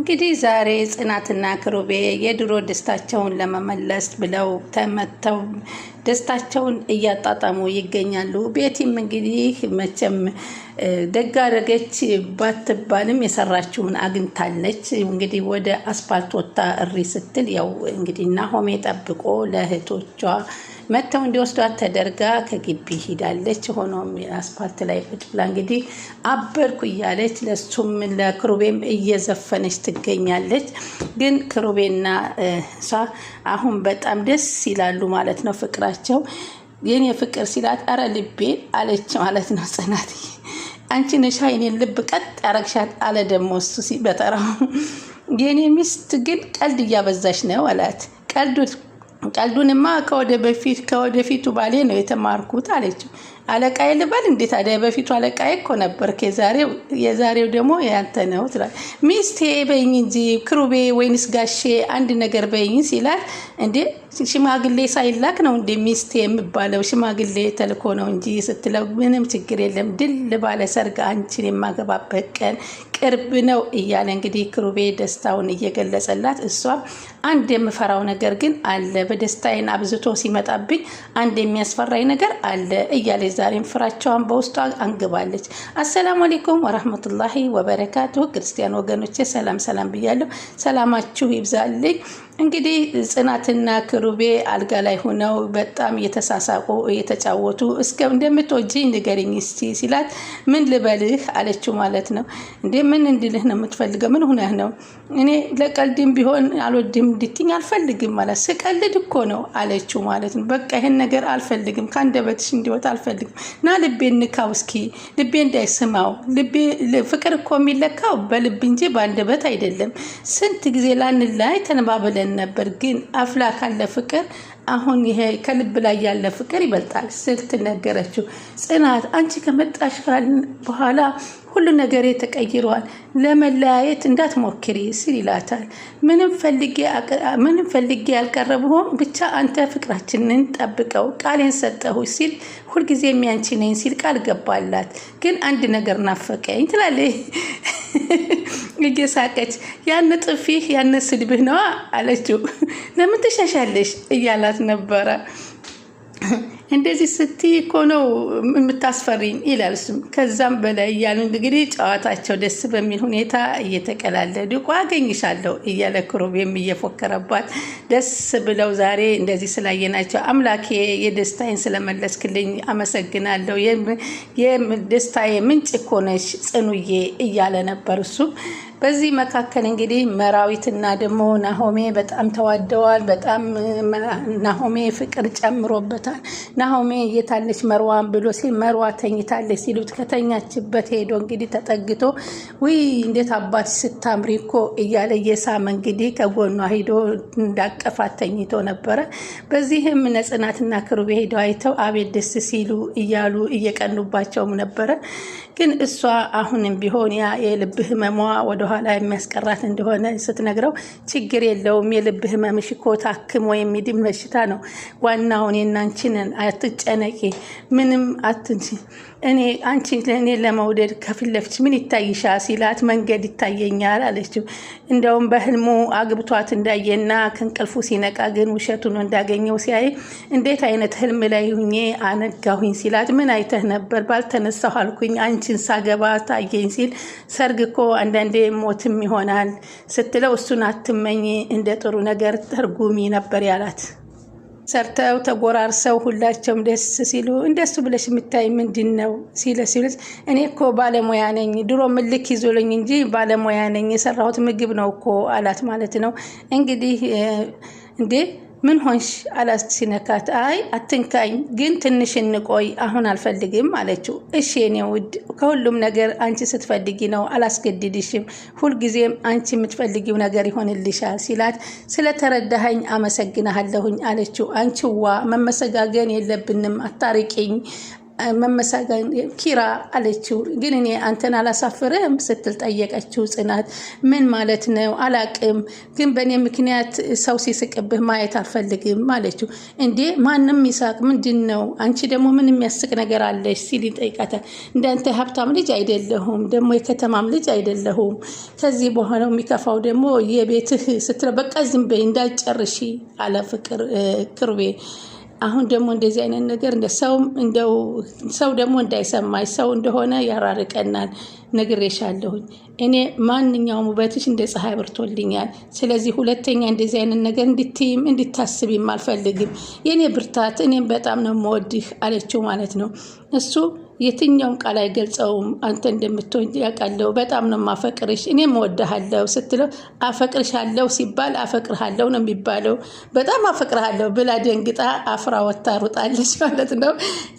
እንግዲህ ዛሬ ጽናትና ክሩቤ የድሮ ደስታቸውን ለመመለስ ብለው ተመተው ደስታቸውን እያጣጠሙ ይገኛሉ። ቤቲም እንግዲህ መቼም ደጋረገች ባትባልም የሰራችውን አግኝታለች። እንግዲህ ወደ አስፓልት ወጥታ እሪ ስትል ያው እንግዲህ ናሆሜ ጠብቆ ለእህቶቿ መጥተው እንዲወስዷት ተደርጋ ከግቢ ሂዳለች። ሆኖም አስፓልት ላይ ቁጭ ብላ እንግዲህ አበርኩ እያለች ለሱም ለክሩቤም እየዘፈነች ትገኛለች። ግን ክሩቤና እሷ አሁን በጣም ደስ ይላሉ ማለት ነው ፍቅራቸው። ይህን የፍቅር ሲላት አረ ልቤ አለች ማለት ነው ጽናት አንቺ ነሻ የኔን ልብ ቀጥ ያረግሻት አለ ደግሞ እሱ በጠራው የኔ ሚስት ግን ቀልድ እያበዛሽ ነው አላት። ቀልዱ ቀልዱንማ ከወደ በፊት ከወደፊቱ ባሌ ነው የተማርኩት አለችው። አለቃዬ ልበል እንዴ ታዲያ? በፊቱ አለቃዬ እኮ ነበርክ፣ የዛሬው ደግሞ ያንተ ነው ትላል። ሚስቴ በይኝ እንጂ ክሩቤ ወይንስ ጋሼ አንድ ነገር በይኝ ሲላል፣ እንዴ ሽማግሌ ሳይላክ ነው እንዴ ሚስቴ የምባለው? ሽማግሌ ተልኮ ነው እንጂ ስትለው ምንም ችግር የለም ድል ባለ ሰርግ አንቺን የማገባበት ቀን ቅርብ ነው እያለ እንግዲህ ክሩቤ ደስታውን እየገለጸላት፣ እሷም አንድ የምፈራው ነገር ግን አለ፣ በደስታዬን አብዝቶ ሲመጣብኝ አንድ የሚያስፈራኝ ነገር አለ እያለ ዛሬም ፍራቸዋን በውስጧ አንግባለች። አሰላሙ አሌይኩም ወረህመቱላሂ ወበረካቱ። ክርስቲያን ወገኖቼ ሰላም ሰላም ብያለሁ። ሰላማችሁ ይብዛልኝ። እንግዲህ ጽናትና ክሩቤ አልጋ ላይ ሆነው በጣም እየተሳሳቁ እየተጫወቱ እስከ እንደምትወጂ ንገሪኝ እስቲ ሲላት ምን ልበልህ አለችው ማለት ነው። እንዴ ምን እንድልህ ነው የምትፈልገው? ምን ሁነህ ነው? እኔ ለቀልድም ቢሆን አልወድም እንድትኝ አልፈልግም ማለት ስቀልድ እኮ ነው አለችው ማለት ነው። በቃ ይህን ነገር አልፈልግም፣ ከአንደበትሽ እንዲወጣ አልፈልግም። ና ልቤ እንካው እስኪ ልቤ እንዳይስማው። ፍቅር እኮ የሚለካው በልብ እንጂ በአንደበት አይደለም። ስንት ጊዜ ላንላይ ተነባብለን ብለን ነበር። ግን አፍላ ካለ ፍቅር አሁን ይሄ ከልብ ላይ ያለ ፍቅር ይበልጣል ስል ነገረችው ጽናት አንቺ ከመጣሽ በኋላ ሁሉ ነገሬ ተቀይሯል፣ ለመለያየት እንዳትሞክሪ ሲል ይላታል። ምንም ፈልጌ ያልቀረብሁም፣ ብቻ አንተ ፍቅራችንን ጠብቀው፣ ቃሌን ሰጠሁ ሲል ሁልጊዜ የሚያንቺ ነኝ ሲል ቃል ገባላት። ግን አንድ ነገር ናፈቀኝ ትላለች እየሳቀች ያን ጥፊህ ያን ስድብህ ነዋ አለችው። ለምን ትሻሻለሽ እያላት ነበረ። እንደዚህ ስትይ እኮ ነው የምታስፈሪኝ ይላል እሱም። ከዛም በላይ እያሉ እንግዲህ ጨዋታቸው ደስ በሚል ሁኔታ እየተቀላለዱ እኮ አገኝሻለሁ እያለ ክሩቤም እየፎከረባት ደስ ብለው ዛሬ እንደዚህ ስላየናቸው አምላኬ የደስታዬን ስለመለስክልኝ አመሰግናለሁ፣ ደስታዬ ምንጭ እኮ ነሽ ጽኑዬ እያለ ነበር እሱም በዚህ መካከል እንግዲህ መራዊትና ደግሞ ናሆሜ በጣም ተዋደዋል። በጣም ናሆሜ ፍቅር ጨምሮበታል። ናሆሜ የታለች መርዋን ብሎ ሲል መርዋ ተኝታለች ሲሉት ከተኛችበት ሄዶ እንግዲህ ተጠግቶ ውይ እንዴት አባት ስታምሪ እኮ እያለ እየሳመ እንግዲህ ከጎኗ ሄዶ እንዳቀፋት ተኝቶ ነበረ። በዚህም ነጽናትና ክሩቤ ሄደው አይተው አቤት ደስ ሲሉ እያሉ እየቀኑባቸውም ነበረ። ግን እሷ አሁንም ቢሆን ያ የልብ ህመሟ ወደ ወደኋላ የሚያስቀራት እንደሆነ ስትነግረው ችግር የለውም የልብ ህመምሽ እኮ ታክሞ የሚድን በሽታ ነው። ዋናውን የናንቺንን አትጨነቂ፣ ምንም አትንች እኔ አንቺ ለእኔ ለመውደድ ከፊት ለፊት ምን ይታይሻ ሲላት መንገድ ይታየኛል አለችው። እንደውም በህልሙ አግብቷት እንዳየና ከእንቅልፉ ሲነቃ ግን ውሸቱን እንዳገኘው ሲያይ እንዴት አይነት ህልም ላይ ሁኜ አነጋሁኝ ሲላት ምን አይተህ ነበር? ባልተነሳሁ አልኩኝ አንቺን ሳገባ ታየኝ ሲል ሰርግ እኮ አንዳንዴ ሞትም ይሆናል ስትለው እሱን አትመኝ እንደ ጥሩ ነገር ተርጉሚ ነበር ያላት። ሰርተው ተጎራርሰው ሁላቸውም ደስ ሲሉ እንደሱ ብለሽ የምታይ ምንድን ነው ሲለ ሲሉ እኔ እኮ ባለሙያ ነኝ፣ ድሮ ምልክ ይዞልኝ እንጂ ባለሙያ ነኝ፣ የሰራሁት ምግብ ነው እኮ አላት ማለት ነው እንግዲህ እንዴ ምን ሆንሽ አላት ሲነካት። አይ አትንካኝ፣ ግን ትንሽ እንቆይ፣ አሁን አልፈልግም አለችው። እሺ የኔ ውድ፣ ከሁሉም ነገር አንቺ ስትፈልጊ ነው፣ አላስገድድሽም። ሁልጊዜም አንቺ የምትፈልጊው ነገር ይሆንልሻል ሲላት፣ ስለተረዳኸኝ አመሰግናሃለሁኝ አለችው። አንቺዋ መመሰጋገን የለብንም አታርቂኝ መመሳገን ኪራ አለችው። ግን እኔ አንተን አላሳፍርም ስትል ጠየቀችው። ጽናት ምን ማለት ነው አላቅም፣ ግን በእኔ ምክንያት ሰው ሲስቅብህ ማየት አልፈልግም አለችው። እንዴ ማንም ይሳቅ ምንድን ነው? አንቺ ደግሞ ምን የሚያስቅ ነገር አለች ሲል ይጠይቃታል። እንዳንተ ሀብታም ልጅ አይደለሁም፣ ደግሞ የከተማም ልጅ አይደለሁም። ከዚህ በኋላ የሚከፋው ደግሞ የቤትህ ስትለው በቃ ዝም በይ እንዳልጨርሺ አለ ፍቅር ክርቤ አሁን ደግሞ እንደዚህ አይነት ነገር ሰው ደግሞ እንዳይሰማኝ ሰው እንደሆነ ያራርቀናል። ነግሬሻለሁኝ እኔ ማንኛውም ውበትሽ እንደ ፀሐይ ብርቶልኛል። ስለዚህ ሁለተኛ እንደዚህ አይነት ነገር እንድትይም እንድታስቢም አልፈልግም። የእኔ ብርታት እኔም በጣም ነው የምወድህ አለችው ማለት ነው እሱ የትኛውም ቃል አይገልጸውም። አንተ እንደምትሆን ያውቃለሁ። በጣም ነው ማፈቅርሽ፣ እኔም እወድሃለሁ ስትለው አፈቅርሻለሁ ሲባል አፈቅርሃለሁ ነው የሚባለው። በጣም አፈቅርሃለሁ ብላ ደንግጣ አፍራ ወታ ሩጣለች ማለት ነው።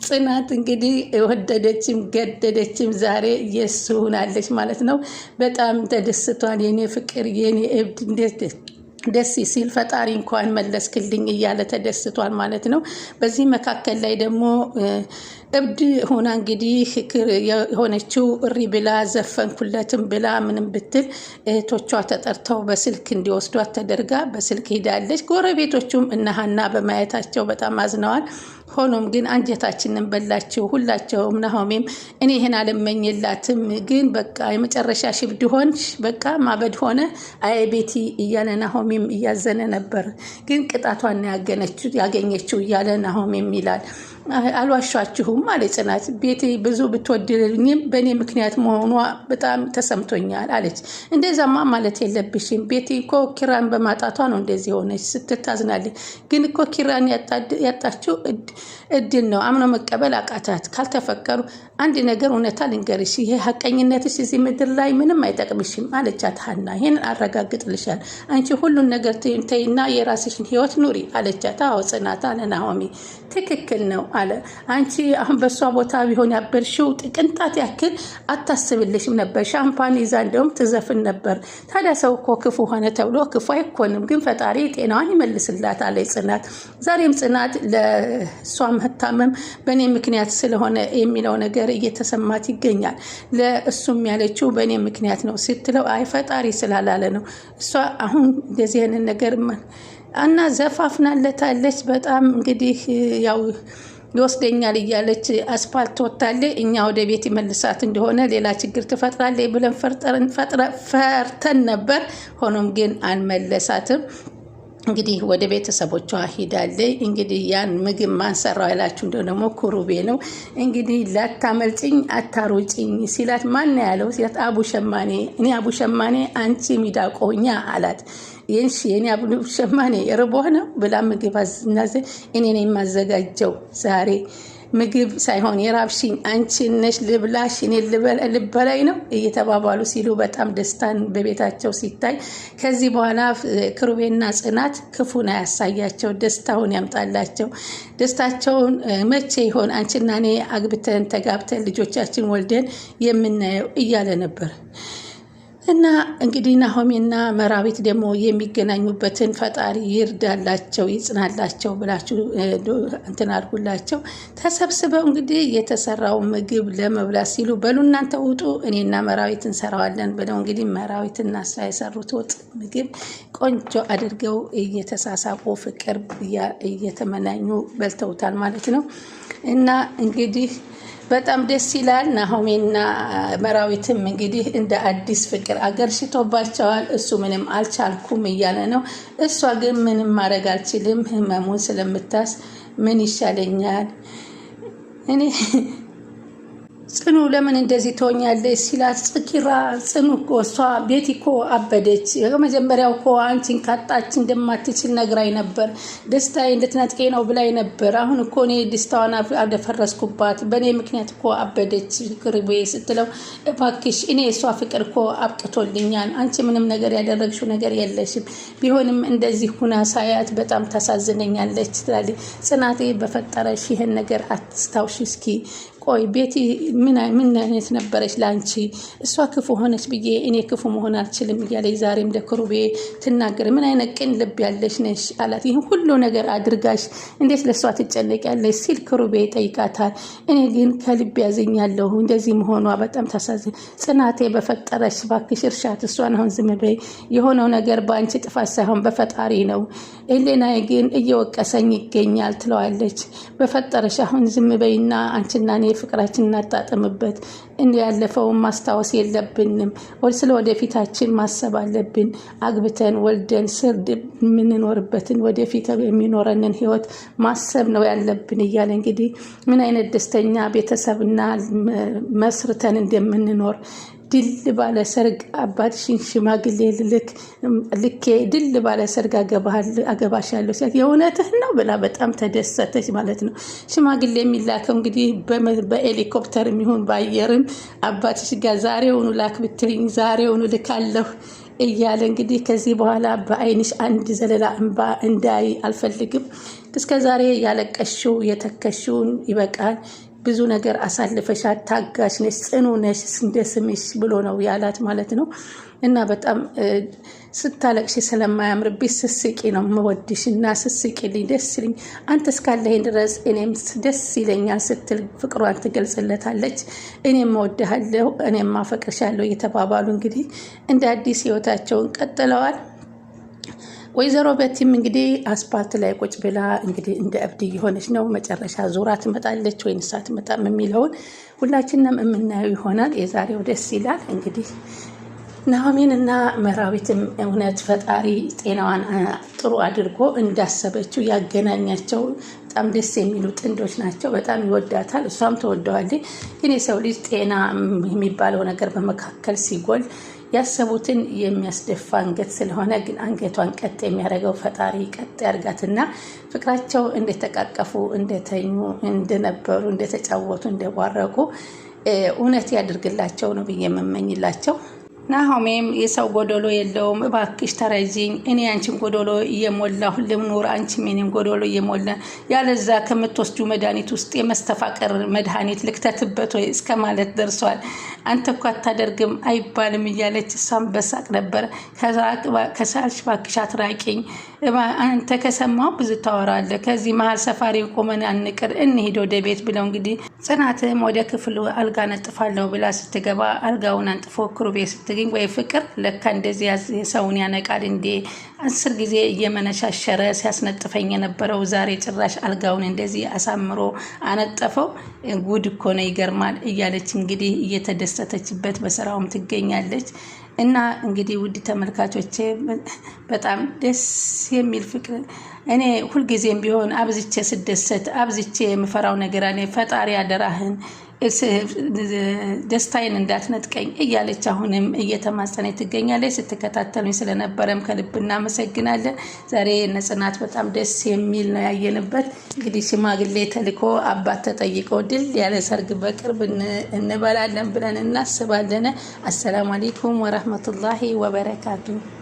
ጽናት እንግዲህ ወደደችም ገደደችም ዛሬ የሱ ሆናለች ማለት ነው። በጣም ተደስቷል። የኔ ፍቅር የኔ እብድ እንዴት ደስ ሲል ፈጣሪ እንኳን መለስክልኝ እያለ ተደስቷል ማለት ነው። በዚህ መካከል ላይ ደግሞ እብድ ሆና እንግዲህ የሆነችው እሪ ብላ ዘፈንኩለትም ብላ ምንም ብትል እህቶቿ ተጠርተው በስልክ እንዲወስዷት ተደርጋ በስልክ ሂዳለች። ጎረቤቶቹም እነሀና በማየታቸው በጣም አዝነዋል። ሆኖም ግን አንጀታችንን በላቸው ሁላቸውም። ናሆሜም እኔ ይህን አልመኝላትም፣ ግን በቃ የመጨረሻ ሽብድ ሆንሽ፣ በቃ ማበድ ሆነ አይ ቤቲ እያለ ናሆሜ ናሆሜም እያዘነ ነበር። ግን ቅጣቷን ያገኘችው እያለ ናሆሜም ይላል አልዋሻችሁም አለ ጽናት። ቤቴ ብዙ ብትወድልኝም በእኔ ምክንያት መሆኗ በጣም ተሰምቶኛል አለች። እንደዛማ ማለት የለብሽም ቤቴ እኮ ኪራን በማጣቷ ነው እንደዚህ ሆነች ስትታዝናለች። ግን እኮ ኪራን ያጣችው እድል ነው። አምኖ መቀበል አቃታት። ካልተፈቀሩ አንድ ነገር እውነታ ልንገርሽ፣ ይሄ ሀቀኝነትሽ እዚህ ምድር ላይ ምንም አይጠቅምሽም አለቻት ሀና። ይህንን አረጋግጥልሻል። አንቺ ሁሉን ነገር ተይና የራስሽን ህይወት ኑሪ አለቻት። አዎ ጽናት አለ ናሆሚ። ትክክል ነው አለ። አንቺ አሁን በእሷ ቦታ ቢሆን ያበርሽው ጥቅንጣት ያክል አታስብልሽም ነበር። ሻምፓን ይዛ እንደውም ትዘፍን ነበር። ታዲያ ሰው እኮ ክፉ ሆነ ተብሎ ክፉ አይኮንም፣ ግን ፈጣሪ ጤናዋን ይመልስላት አለ ጽናት። ዛሬም ጽናት ለእሷ መታመም በእኔ ምክንያት ስለሆነ የሚለው ነገር እየተሰማት ይገኛል። ለእሱም ያለችው በእኔ ምክንያት ነው ስትለው አይ ፈጣሪ ስላላለ ነው እሷ አሁን እንደዚህ አይነት ነገር እና ዘፋፍናለታለች። በጣም እንግዲህ ያው ይወስደኛል እያለች አስፋልት ወታለች። እኛ ወደ ቤት ይመልሳት እንደሆነ ሌላ ችግር ትፈጥራለች ብለን ፈርተን ነበር። ሆኖም ግን አንመለሳትም። እንግዲህ ወደ ቤተሰቦቿ ሂዳለይ። እንግዲህ ያን ምግብ ማንሰራው ያላችሁ እንደ ደግሞ ኩሩቤ ነው። እንግዲህ ላታመልጭኝ አታሩጭኝ ሲላት ማን ያለው ሲላት አቡ ሸማኔ። እኔ አቡ ሸማኔ አንቺ ሚዳቆኛ አላት። ይንሽ የኔ አቡ ሸማኔ ርቦህ ነው ብላ ምግብ አዝናዘ እኔ የማዘጋጀው ዛሬ ምግብ ሳይሆን የራብሽኝ አንቺ ነሽ ልብላሽ፣ እኔ ልበላይ ነው እየተባባሉ ሲሉ በጣም ደስታን በቤታቸው ሲታይ ከዚህ በኋላ ክሩቤና ጽናት ክፉን አያሳያቸው፣ ደስታውን ያምጣላቸው። ደስታቸውን መቼ ይሆን አንቺና እኔ አግብተን ተጋብተን ልጆቻችን ወልደን የምናየው እያለ ነበር። እና እንግዲህ ናሆሜና መራዊት ደግሞ የሚገናኙበትን ፈጣሪ ይርዳላቸው ይጽናላቸው ብላችሁ እንትን አድርጉላቸው። ተሰብስበው እንግዲህ የተሰራው ምግብ ለመብላት ሲሉ በሉ እናንተ ውጡ፣ እኔና መራዊት እንሰራዋለን ብለው እንግዲህ መራዊትና እሷ የሰሩት ወጥ ምግብ ቆንጆ አድርገው እየተሳሳቁ ፍቅር እየተመናኙ በልተውታል ማለት ነው እና እንግዲህ በጣም ደስ ይላል። ናሆሜና መራዊትም እንግዲህ እንደ አዲስ ፍቅር አገር ሽቶባቸዋል። እሱ ምንም አልቻልኩም እያለ ነው። እሷ ግን ምንም ማድረግ አልችልም ህመሙን ስለምታስ ምን ይሻለኛል እኔ ጽኑ ለምን እንደዚህ ትሆኛለች ሲላት ጽኪራ ጽኑ እኮ እሷ ቤቲ እኮ አበደች። ከመጀመሪያው እኮ አንቺን ካጣች እንደማትችል ነግራኝ ነበር። ደስታ እንድትነጥቄ ነው ብላኝ ነበር። አሁን እኮ እኔ ደስታዋን አደፈረስኩባት። በእኔ ምክንያት እኮ አበደች ቅርቤ ስትለው እባክሽ እኔ እሷ ፍቅር እኮ አብቅቶልኛል። አንቺ ምንም ነገር ያደረግሽው ነገር የለሽም። ቢሆንም እንደዚህ ሁና ሳያት በጣም ታሳዝነኛለች ትላለች። ጽናቴ በፈጠረሽ ይህን ነገር አትስታውሽ እስኪ ቆይ ቤቲ ምን አይነት ነበረች ለአንቺ? እሷ ክፉ ሆነች ብዬ እኔ ክፉ መሆን አልችልም እያለች ዛሬም ለክሩቤ ትናገር። ምን አይነት ቅን ልብ ያለች ነሽ አላት። ይህን ሁሉ ነገር አድርጋሽ እንዴት ለእሷ ትጨነቂያለች? ሲል ክሩቤ ይጠይቃታል። እኔ ግን ከልብ ያዝኛለሁ። እንደዚህ መሆኗ በጣም ታሳዝን። ጽናቴ በፈጠረች ባክሽ እርሻት። እሷን አሁን ዝም በይ። የሆነው ነገር በአንቺ ጥፋት ሳይሆን በፈጣሪ ነው። ኤሌናዬ ግን እየወቀሰኝ ይገኛል ትለዋለች። በፈጠረሽ አሁን ዝም በይና አንቺና እኔ ፍቅራችን እናጣጥምበት ያለፈውን ማስታወስ የለብንም። ስለ ወደፊታችን ማሰብ አለብን። አግብተን ወልደን ስርድ የምንኖርበትን ወደፊት የሚኖረንን ህይወት ማሰብ ነው ያለብን እያለ እንግዲህ ምን አይነት ደስተኛ ቤተሰብና መስርተን እንደምንኖር ድል ባለ ሰርግ አባትሽን ሽማግሌ ልልክ ልኬ ድል ባለ ሰርግ አገባሻለሁ ሲያት የእውነትህ ነው ብላ በጣም ተደሰተች ማለት ነው። ሽማግሌ የሚላከው እንግዲህ በሄሊኮፕተር የሚሆን በአየርም አባትሽ ጋር ዛሬውኑ ላክ ብትልኝ ዛሬውኑ ልካለሁ እያለ እንግዲህ ከዚህ በኋላ በአይንሽ አንድ ዘለላ እንባ እንዳይ አልፈልግም። እስከ ዛሬ ያለቀሽው የተከሽውን ይበቃል። ብዙ ነገር አሳልፈሻል። ታጋሽ ነሽ፣ ጽኑ ነሽ እንደ ስምሽ ብሎ ነው ያላት ማለት ነው እና በጣም ስታለቅሽ ስለማያምርብሽ ስስቂ ነው መወድሽ እና ስስቂልኝ ደስ ይልኝ አንተ እስካለህን ድረስ እኔም ደስ ይለኛል ስትል ፍቅሯን ትገልጽለታለች። እኔም እወድሃለሁ፣ እኔም አፈቅርሻለሁ እየተባባሉ እንግዲህ እንደ አዲስ ህይወታቸውን ቀጥለዋል። ወይዘሮ በቲም እንግዲህ አስፓልት ላይ ቁጭ ብላ እንግዲህ እንደ እብድ እየሆነች ነው። መጨረሻ ዙራ ትመጣለች ወይንስ አትመጣም የሚለውን ሁላችንም የምናየው ይሆናል። የዛሬው ደስ ይላል እንግዲህ ናሆሚን እና መራዊትም እውነት ፈጣሪ ጤናዋን ጥሩ አድርጎ እንዳሰበችው ያገናኛቸው በጣም ደስ የሚሉ ጥንዶች ናቸው። በጣም ይወዳታል፣ እሷም ተወደዋለች። ግን የሰው ልጅ ጤና የሚባለው ነገር በመካከል ሲጎል ያሰቡትን የሚያስደፋ አንገት ስለሆነ ግን አንገቷን ቀጥ የሚያደርገው ፈጣሪ ቀጥ ያርጋትና ፍቅራቸው እንደተቃቀፉ፣ እንደተኙ፣ እንደነበሩ፣ እንደተጫወቱ፣ እንደቧረቁ እውነት ያድርግላቸው ነው ብዬ የምመኝላቸው። ናሆሜም የሰው ጎዶሎ የለውም፣ እባክሽ ተረጂኝ፣ እኔ አንቺን ጎዶሎ እየሞላሁ ልኑር፣ አንቺም እኔም ጎዶሎ እየሞላ ያለዛ ከምትወስዱ መድኃኒት ውስጥ የመስተፋቀር መድኃኒት ልክተትበት ወይ እስከ ማለት ደርሷል። አንተ እኮ አታደርግም አይባልም እያለች እሷም በሳቅ ነበር። ከሳልሽ እባክሽ አትራቂኝ አንተ ከሰማው ብዙ ታወራለህ። ከዚህ መሀል ሰፋሪ ቆመን አንቅር እንሂድ ወደ ቤት ብለው እንግዲህ ጽናትም ወደ ክፍሉ አልጋ ነጥፋለሁ ብላ ስትገባ አልጋውን አንጥፎ ክሩቤ ስትገኝ ወይ ፍቅር ለካ እንደዚህ ሰውን ያነቃል እንዴ! አስር ጊዜ እየመነሻሸረ ሲያስነጥፈኝ የነበረው ዛሬ ጭራሽ አልጋውን እንደዚህ አሳምሮ አነጠፈው። ጉድ እኮ ነው ይገርማል እያለች እንግዲህ እየተደሰተችበት በስራውም ትገኛለች። እና እንግዲህ ውድ ተመልካቾቼ በጣም ደስ የሚል ፍቅር እኔ ሁልጊዜም ቢሆን አብዝቼ ስደሰት አብዝቼ የምፈራው ነገር እኔ ፈጣሪ አደራህን ደስታዬን እንዳትነጥቀኝ እያለች አሁንም እየተማጸነች ትገኛለች። ስትከታተሉኝ ስለነበረም ከልብ እናመሰግናለን። ዛሬ ነጽናት በጣም ደስ የሚል ነው ያየንበት። እንግዲህ ሽማግሌ ተልኮ አባት ተጠይቆ ድል ያለ ሰርግ በቅርብ እንበላለን ብለን እናስባለን። አሰላሙ አሌይኩም ወረህመቱላሂ ወበረካቱ